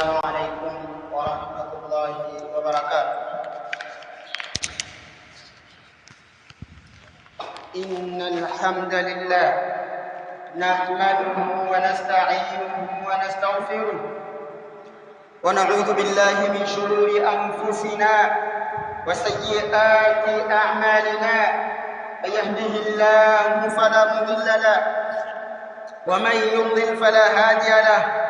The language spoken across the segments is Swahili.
السلام عليكم ورحمة الله وبركاته إن الحمد لله نحمده ونستعينه ونستغفره ونعوذ بالله من شرور أنفسنا وسيئات أعمالنا من يهده الله فلا مضل له ومن يضلل فلا هادي له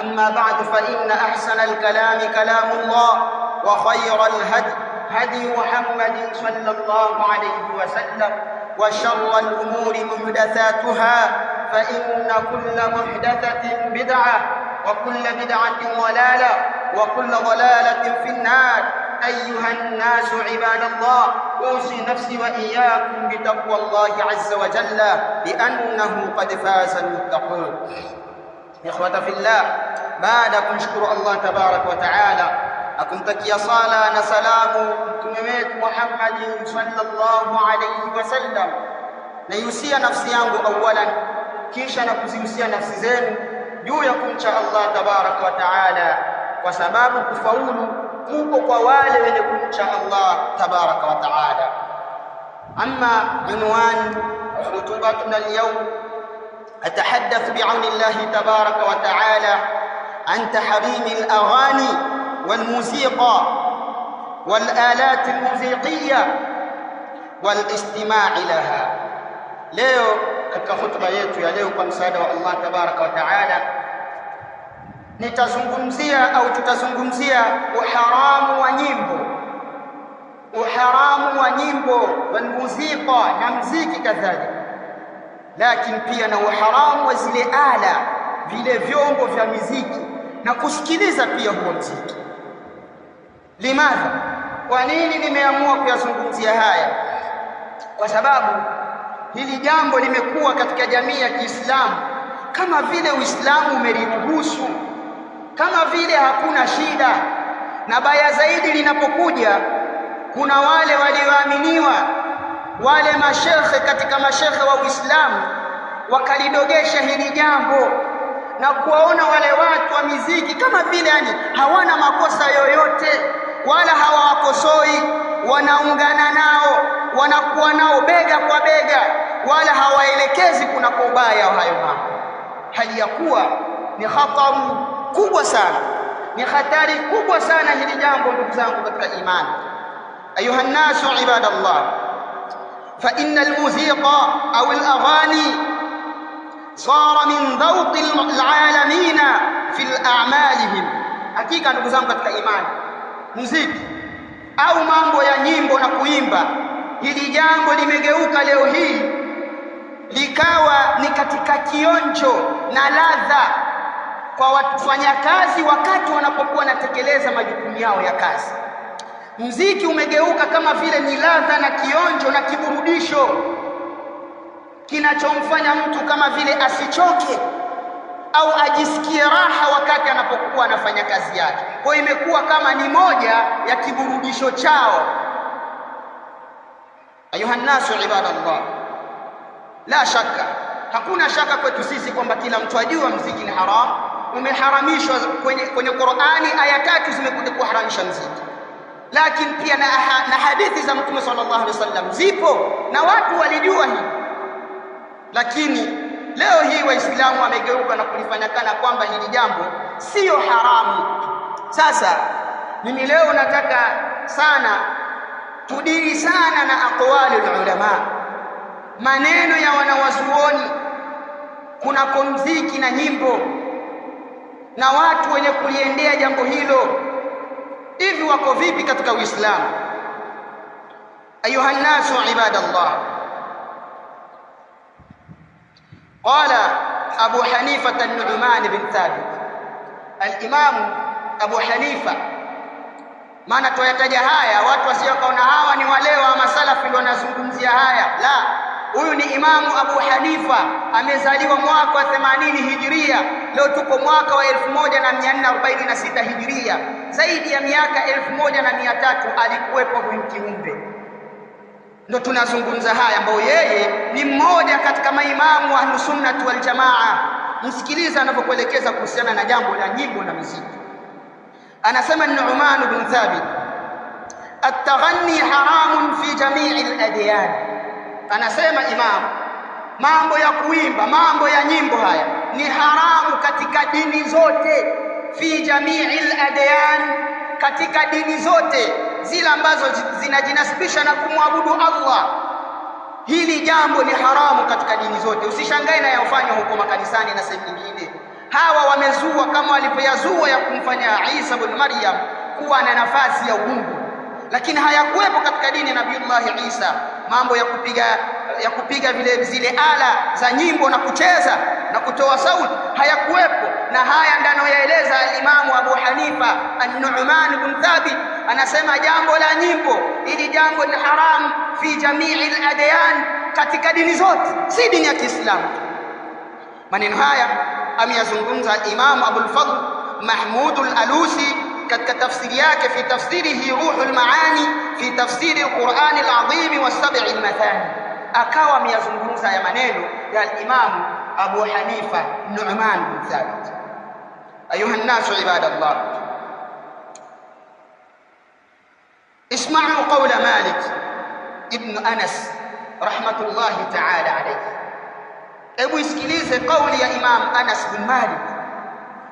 أما بعد فإن أحسن الكلام كلام الله وخير الهدي هدي محمد صلى الله عليه وسلم وشر الأمور محدثاتها فإن كل محدثة بدعة وكل بدعة ضلالة وكل ضلالة في النار أيها الناس عباد الله أوصي نفسي وإياكم بتقوى الله عز وجل لأنه قد فاز المتقون إخوة في الله بعد أن شكر الله تبارك وتعالى أكن تكي صالة نسلام كميت محمد صلى الله عليه وسلم نيوسي نفسي أنه أولا كيش نكوزيوسي نفسي زين يو يكون شاء الله تبارك وتعالى وسباب كفول موكو قوالي يكون شاء الله تبارك وتعالى أما عنوان خطوبتنا اليوم أتحدث بعون الله تبارك وتعالى أنت حبيب الأغاني والموسيقى والآلات الموسيقية والاستماع لها ليو كخطبة يتو يا ليو قم الله تبارك وتعالى نتزنقمزية أو تتزنقمزية وحرام ونيمبو وحرام ونيمبو والموسيقى نمزيك كذلك lakini pia na uharamu wa zile ala, vile vyombo vya miziki na kusikiliza pia huo mziki. Limadha, kwa nini nimeamua kuyazungumzia haya? Kwa sababu hili jambo limekuwa katika jamii ya Kiislamu kama vile Uislamu umeliruhusu, kama vile hakuna shida. Na baya zaidi, linapokuja kuna wale walioaminiwa wale mashekhe katika mashekhe wa Uislamu wakalidogesha hili jambo na kuwaona wale watu wa miziki kama vile yani hawana makosa yoyote, wala hawawakosoi, wanaungana nao, wanakuwa nao bega kwa bega, wala hawaelekezi kunako ubaya. Hayo mambo hali ya kuwa ni hatari kubwa sana, ni hatari kubwa sana hili jambo, ndugu zangu katika imani. Ayuhannasu ibadallah فإن الموسيقى au الأغاني sara min ذوق العالمين fi amalihim Hakika ndugu zangu katika imani, muziki au mambo ya nyimbo na kuimba, hili jambo limegeuka leo hii likawa ni katika kionjo na ladha kwa wafanyakazi wakati wanapokuwa wanatekeleza majukumu yao ya kazi. Mziki umegeuka kama vile ni ladha na kionjo na kiburudisho kinachomfanya mtu kama vile asichoke au ajisikie raha wakati anapokuwa anafanya kazi yake. Kwa hiyo imekuwa kama ni moja ya kiburudisho chao. Ayuhannasu ibadallah, la shaka, hakuna shaka kwetu sisi kwamba kila mtu ajua mziki ni haramu, umeharamishwa kwenye, kwenye Qur'ani aya tatu zimekuja kuharamisha mziki lakini pia na, ha na hadithi za Mtume sallallahu alaihi wasallam zipo na watu walijua hii, lakini leo hii Waislamu wamegeuka na kulifanya kana kwamba hili jambo siyo haramu. Sasa mimi leo nataka sana tudili sana na aqwali ulama, maneno ya wanawazuoni kunako mziki na nyimbo na watu wenye kuliendea jambo hilo hivi wako vipi katika Uislamu? Ayuha nnasu ibadallah, qala Abu Hanifa an-Nu'man bin Thabit. Al-Imamu Abu Hanifa, maana twayataja haya watu wasio kaona hawa ni walewa ama salafi ndio wanazungumzia haya, la Huyu ni Imamu Abu Hanifa, amezaliwa mwaka wa 80 hijiria. Leo tuko mwaka wa 1446 hijiria, zaidi ya miaka 1300 alikuwepo huyu kiumbe. Ndo tunazungumza haya, ambayo yeye ni mmoja katika maimamu wa Ahlusunnati wal Jamaa. Msikiliza anavyokuelekeza kuhusiana na jambo la nyimbo na muziki. Anasema Nu'man bin Thabit, at taghanni haramun fi jamii adyan Anasema imamu, mambo ya kuimba, mambo ya nyimbo haya ni haramu katika dini zote, fi jamii ladyan, katika dini zote zile ambazo zinajinasibisha na kumwabudu Allah. Hili jambo ni haramu katika dini zote. Usishangae na yafanywa huko makanisani na sehemu nyingine. Hawa wamezua kama walipoyazua ya kumfanya Isa ibn Maryam kuwa na nafasi ya uungu, lakini hayakuwepo katika dini ya Nabiullahi Isa mambo ya kupiga ya kupiga vile zile ala za nyimbo na kucheza na kutoa sauti hayakuwepo, na haya ndio anayoeleza alimamu Abu Hanifa an-Nu'man ibn Thabit, anasema jambo la nyimbo ili jambo ni haramu fi jamii al-adyan, katika dini zote, si dini ya Kiislamu. Maneno haya ameyazungumza Imamu Abul Fadl Mahmud al-Alusi katika tafsiri yake fi tafsirihi ruhul maani fi tafsiri alqurani alazim wasabi almathani akawa ameyazungumza ya maneno ya alimamu abu hanifa nu'man bin thabit ayuha nnasu ibadallah اسمعوا قول مالك ابن أنس رحمة الله تعالى عليه أبو اسكليز قول يا إمام أنس بن مالك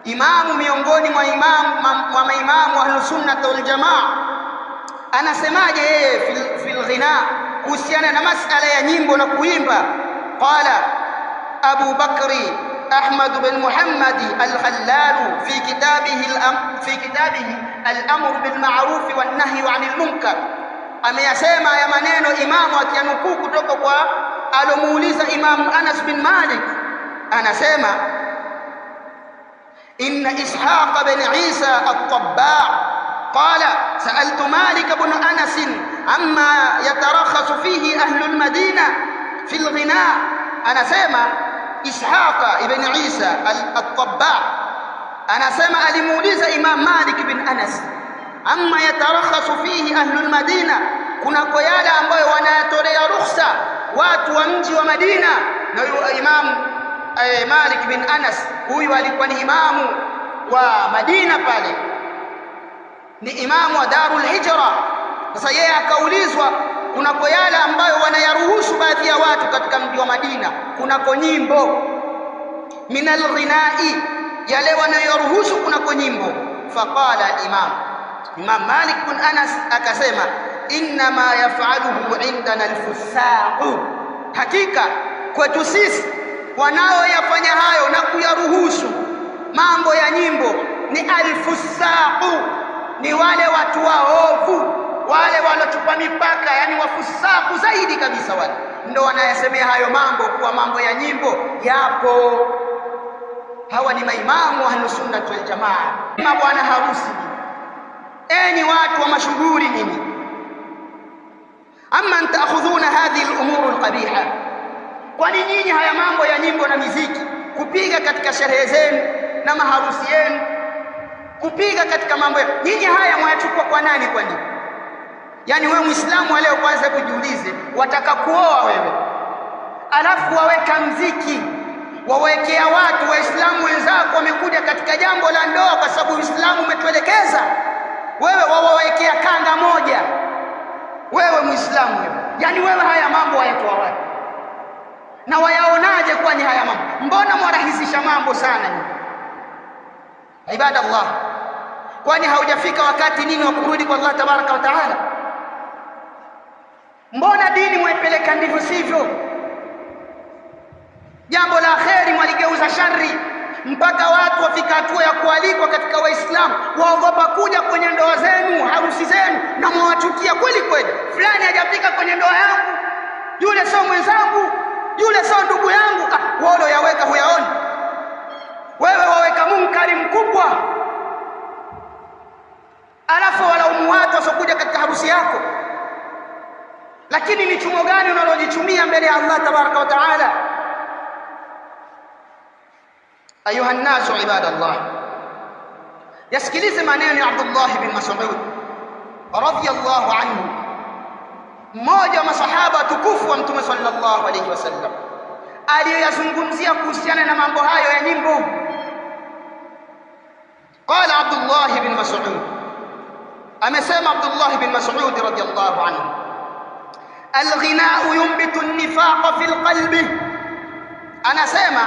imamu miongoni mwa imam wa maimamu wal jamaa anasemaje yeye fil ghina kuhusiana na masala ya nyimbo na kuimba qala abu bakri ahmad bin muhammad al-khallal fi kitabihi fi kitabihi al-amr bil ma'ruf wan nahy 'anil munkar ameyasema ya maneno imamu akianukuu kutoka kwa alomuuliza imam Anas bin Malik anasema إن إسحاق بن عيسى الطباع قال سألت مالك بن أنس عما يترخص فيه أهل المدينة في الغناء أنا سيما إسحاق بن عيسى الطباع أنا سيما ألموليز إمام مالك بن أنس عما يترخص فيه أهل المدينة كنا قيالا أمبوي وانا رخصة واتوانجي ومدينة نيو إمام eh, Malik bin Anas, huyu alikuwa ni imamu wa Madina pale, ni imamu wa Darul Hijra. Sasa yeye akaulizwa kunako yale ambayo wanayaruhusu baadhi ya watu katika mji wa Madina, kunako nyimbo minal alghinai yale wanayoruhusu kunako nyimbo. Faqala imam Imam Malik bin Anas akasema innama yafaluhu indana alfusaqu, hakika kwetu sisi wanaoyafanya hayo na kuyaruhusu mambo ya nyimbo ni alfusaqu, ni wale watu waovu, wale walotupa mipaka, yani wafusaku zaidi kabisa, wale ndo wanayasemea hayo mambo kuwa mambo ya nyimbo yapo. Hawa ni maimamu ahlusunnati waljamaa. Mabwana harusi, enyi watu wa mashughuli nyinyi, amman taakhudhuna hadhihi al-umuru al-qabiha Kwani nyinyi haya mambo ya nyimbo na miziki, kupiga katika sherehe zenu na maharusi yenu, kupiga katika mambo ya nyinyi haya mwayachukua kwa nani? kwa nini? yaani wewe Muislamu leo kwanza kujiulize, wataka kuoa wewe, alafu waweka mziki wawekea watu Waislamu wenzako wamekuja katika jambo la ndoa, kwa sababu Uislamu umetuelekeza wewe, wawawekea kanga moja. Wewe Muislamu wewe, yaani wewe haya mambo wayatoa wapi? na wayaonaje kwani haya mambo? Mbona mwarahisisha mambo sana ni ibadallah, kwani haujafika wakati nini wa kurudi kwa Allah tabaraka wa taala? Mbona dini mwaipeleka ndivyo sivyo? Jambo la kheri mwaligeuza shari, mpaka watu wafika hatua ya kualikwa katika Waislamu waogopa kuja kwenye ndoa zenu, harusi zenu, na mwawachukia kweli kweli. Fulani hajafika kwenye ndoa yangu, yule sio mwenzangu yule sio ndugu yangu. Wewe ulioyaweka huyaoni? Wewe waweka munkari mkubwa, alafu walaumu watu wasokuja katika harusi yako. Lakini ni chumo gani unalojichumia mbele ya Allah tabaraka wa taala? Ayuha nnasu ibadallah, yasikilize maneno ya Abdullah bin Mas'ud radhiyallahu anhu mmoja wa masahaba watukufu wa Mtume sallallahu alaihi wasallam aliyoyazungumzia kuhusiana na mambo hayo ya nyimbo. Qala Abdullah ibn Mas'ud, amesema Abdullah ibn Mas'ud radhiyallahu anhu, alghinau yumbitu an-nifaqa fil qalbi, anasema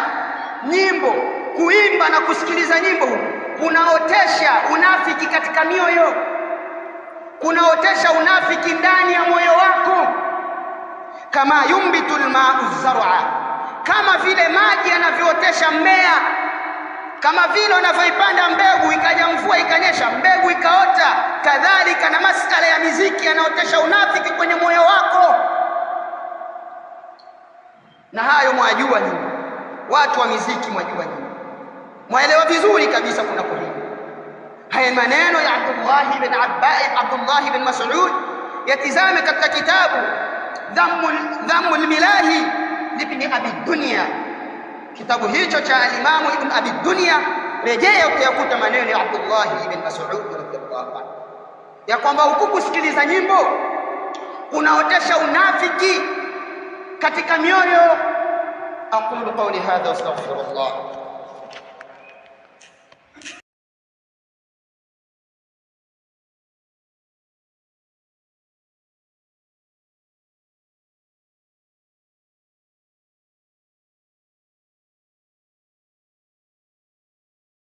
nyimbo, kuimba na kusikiliza nyimbo kunaotesha unafiki katika mioyo, kunaotesha unafiki kama yumbitu lmau zara, kama vile maji yanavyootesha mmea, kama vile unavyoipanda mbegu ikaja mvua ikanyesha mbegu ikaota. Kadhalika na masala ya miziki yanaotesha unafiki kwenye moyo wako, na hayo mwajua nyinyi, watu wa miziki mwajua nyinyi, mwaelewa vizuri kabisa kuna kulia haya maneno ya Abdullahi bin Abbas, Abdullahi bin Mas'ud, yatizame katika kitabu Dhammu lmilahi libni abi dunya, kitabu hicho cha alimamu ibn abi dunya, rejea ukiyakuta maneno ya Abdullah ibn Mas'ud radhiyallahu anhu ya kwamba huku kusikiliza nyimbo unaotesha unafiki katika mioyo. Aqulu qawli hadha wa astaghfirullah